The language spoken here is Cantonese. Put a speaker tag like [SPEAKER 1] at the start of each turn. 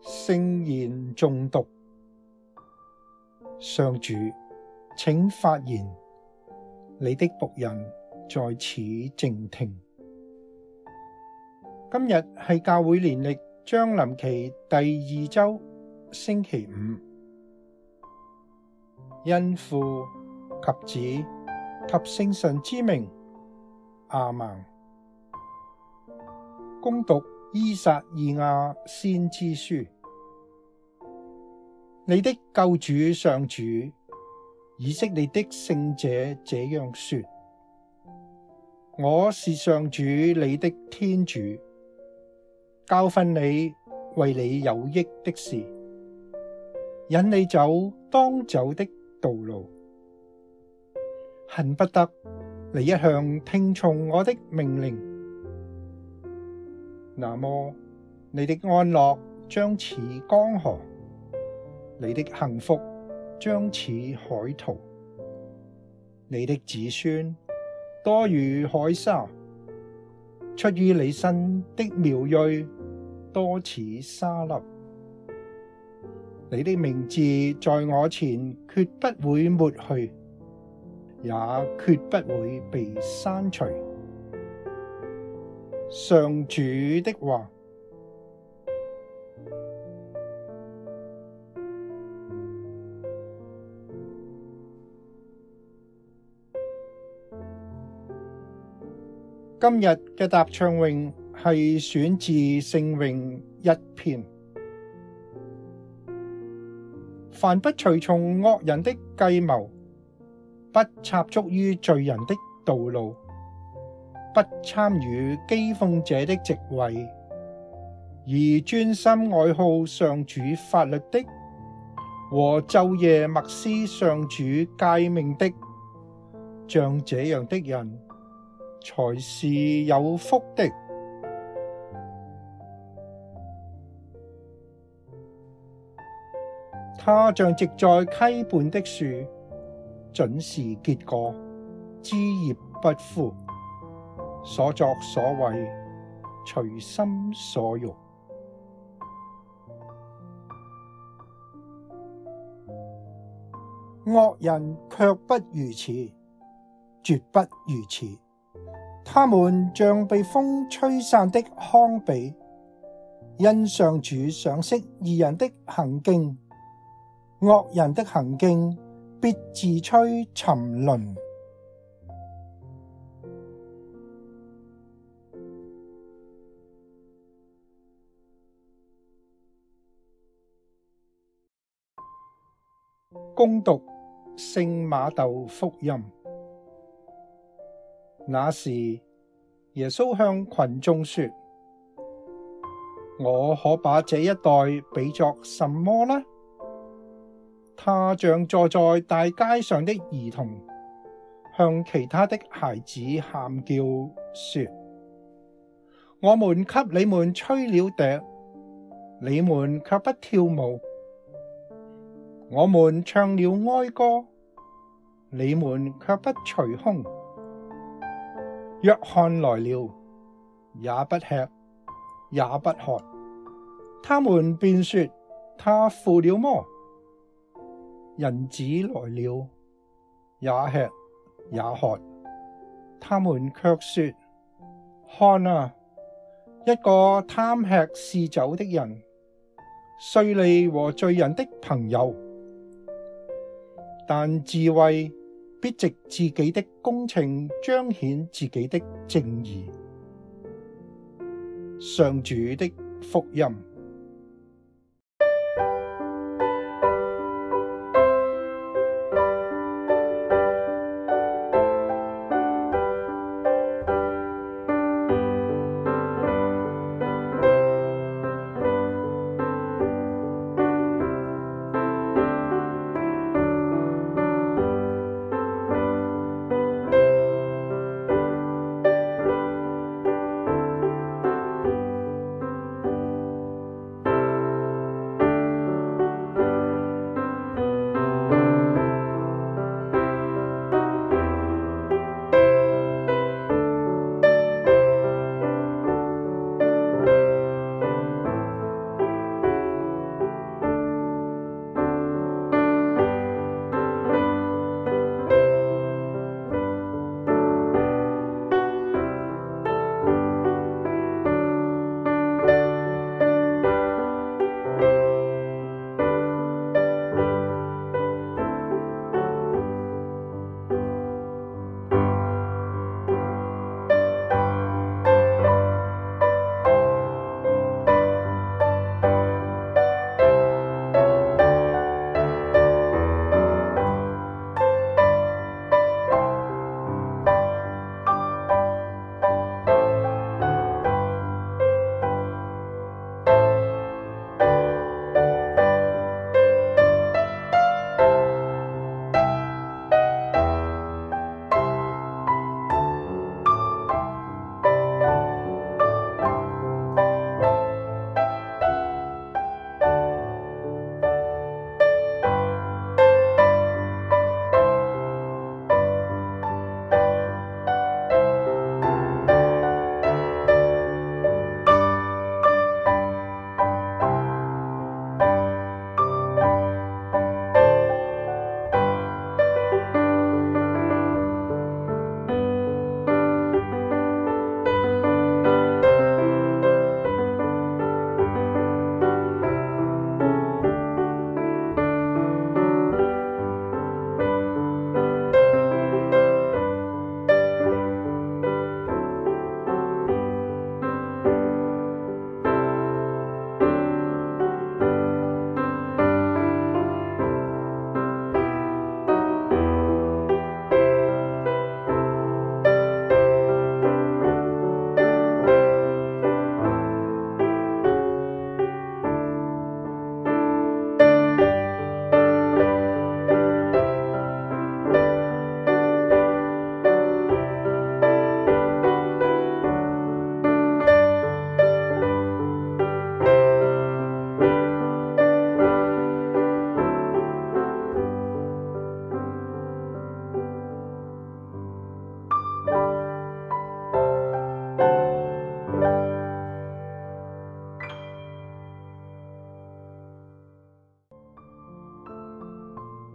[SPEAKER 1] 聖言誦讀，上主，請發言，你的僕人在此靜聽。今日係教會年曆將臨期第二周。星期五，因父及子及聖神之名阿曼。恭讀《依撒意亞先知書》。你的救主上主，以色列的聖者這樣說：我是上主你的天主，教訓你為你有益的事。引你走當走的道路，恨不得你一向聽從我的命令。那麼你的安樂將似江河，你的幸福將似海濤，你的子孫多如海沙，出於你身的苗裔多似沙粒。你的名字在我前，決不會抹去，也決不會被刪除。上主的話，今日嘅答唱詠係選自聖詠一篇。凡不隨從惡人的計謀，不插足於罪人的道路，不參與譏諷者的席位，而專心愛好上主法律的，和晝夜默思上主誡命的，像這樣的人，才是有福的。他像植在溪畔的樹，準時結果，枝葉不枯。所作所為，隨心所欲。惡人卻不如此，絕不如此。他們像被風吹散的糠粃，因上主賞識義人的行徑。惡人的行徑必自趨沉淪。恭讀聖馬竇福音，那時耶穌向群眾說：我可把這一代比作什麼呢？他像坐在大街上的兒童，向其他的孩子喊叫，說：我們給你們吹了笛，你們却不跳舞；我們唱了哀歌，你們却不捶胸。若翰來了，也不吃，也不喝，他們便說：他附了魔。人子來了，也吃也喝，他們卻說：看啊，一個貪吃嗜酒的人，稅吏和罪人的朋友。但智慧必藉自己的工程彰顯自己的正義。上主的福音。